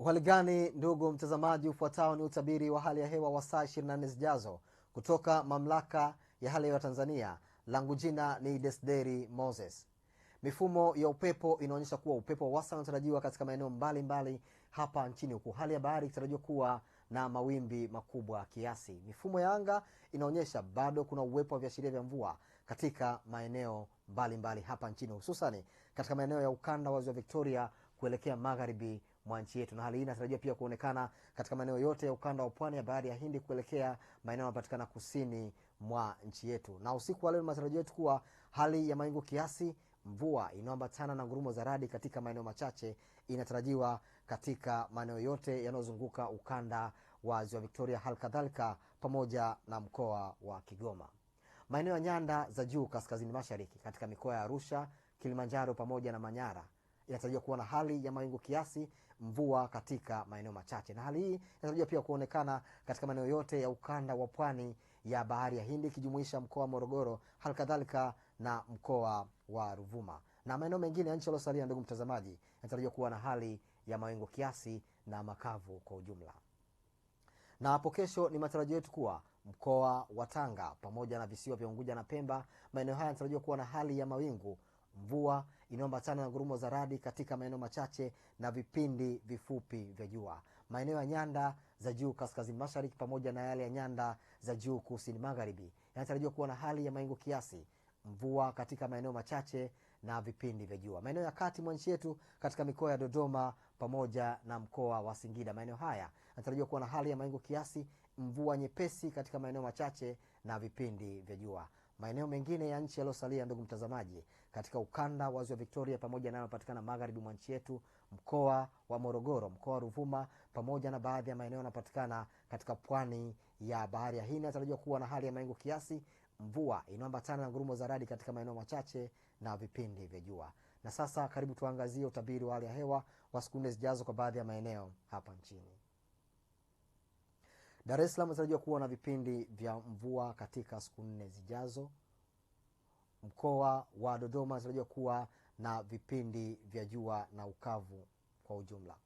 Uhali gani ndugu mtazamaji, ufuatao ni utabiri wa hali ya hewa wa saa 24 zijazo kutoka mamlaka ya hali ya hewa Tanzania. Langu jina ni desderi Moses. Mifumo ya upepo inaonyesha kuwa upepo wa wastani unatarajiwa katika maeneo mbalimbali hapa nchini, huku hali ya bahari ikitarajiwa kuwa na mawimbi makubwa kiasi. Mifumo ya anga inaonyesha bado kuna uwepo wa viashiria vya mvua katika maeneo mbalimbali hapa nchini, hususani katika maeneo ya ukanda wa ziwa Victoria kuelekea magharibi mwa nchi yetu, na hali hii inatarajiwa pia kuonekana katika maeneo yote ya ukanda wa pwani ya bahari ya Hindi kuelekea maeneo yanayopatikana kusini mwa nchi yetu. Na usiku wa leo ni matarajio yetu kuwa hali ya mawingu kiasi, mvua inayoambatana na ngurumo za radi katika maeneo machache inatarajiwa katika maeneo yote yanayozunguka ukanda wa ziwa Victoria, hali kadhalika pamoja na mkoa wa Kigoma. Maeneo ya nyanda za juu kaskazini mashariki katika mikoa ya Arusha, Kilimanjaro pamoja na Manyara inatarajiwa kuwa na hali ya mawingu kiasi, mvua katika maeneo machache, na hali hii inatarajiwa pia kuonekana katika maeneo yote ya ukanda wa pwani ya bahari ya Hindi ikijumuisha mkoa wa Morogoro, halikadhalika na mkoa wa Ruvuma na maeneo mengine ya nchi yaliyosalia. Ndugu mtazamaji, inatarajiwa kuwa na hali ya mawingu kiasi na makavu kwa ujumla. Na hapo kesho ni matarajio yetu kuwa mkoa wa Tanga pamoja na visiwa vya Unguja na Pemba, maeneo haya yanatarajiwa kuwa na hali ya mawingu Mvua inayoambatana na ngurumo za radi katika maeneo machache na vipindi vifupi vya jua. Maeneo ya nyanda za juu kaskazini mashariki pamoja na yale ya nyanda za juu kusini magharibi yanatarajiwa kuwa na hali ya maingo kiasi, mvua katika maeneo machache na vipindi vya jua. Maeneo ya kati mwa nchi yetu katika mikoa ya Dodoma pamoja na mkoa wa Singida, maeneo haya yanatarajiwa kuwa na hali ya maingo kiasi, mvua nyepesi katika maeneo machache na vipindi vya jua. Maeneo mengine ya nchi yaliyosalia, ndugu mtazamaji, katika ukanda wa ziwa Victoria pamoja na magharibi mwa nchi yetu, mkoa wa Morogoro, mkoa wa Ruvuma, pamoja na baadhi ya maeneo yanayopatikana katika pwani ya bahari ya Hindi yanatarajiwa kuwa na hali ya maingo kiasi, mvua inayoambatana na ngurumo za radi katika maeneo machache na vipindi vya jua. Na sasa karibu tuangazie utabiri wa hali ya hewa wa siku nne zijazo kwa baadhi ya maeneo hapa nchini. Dar es Salaam inatarajiwa kuwa na vipindi vya mvua katika siku nne zijazo. Mkoa wa Dodoma inatarajiwa kuwa na vipindi vya jua na ukavu kwa ujumla.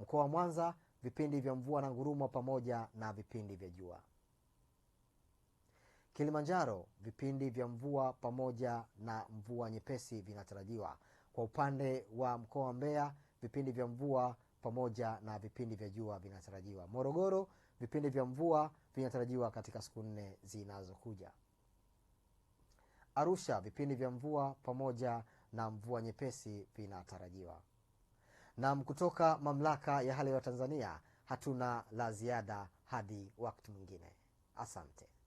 Mkoa wa Mwanza vipindi vya mvua na ngurumo pamoja na vipindi vya jua. Kilimanjaro vipindi vya mvua pamoja na mvua nyepesi vinatarajiwa. Kwa upande wa mkoa wa Mbeya vipindi vya mvua pamoja na vipindi vya jua vinatarajiwa. Morogoro Vipindi vya mvua vinatarajiwa katika siku nne zinazokuja. Arusha, vipindi vya mvua pamoja na mvua nyepesi vinatarajiwa. Nam, kutoka mamlaka ya hali ya Tanzania hatuna la ziada hadi wakati mwingine. Asante.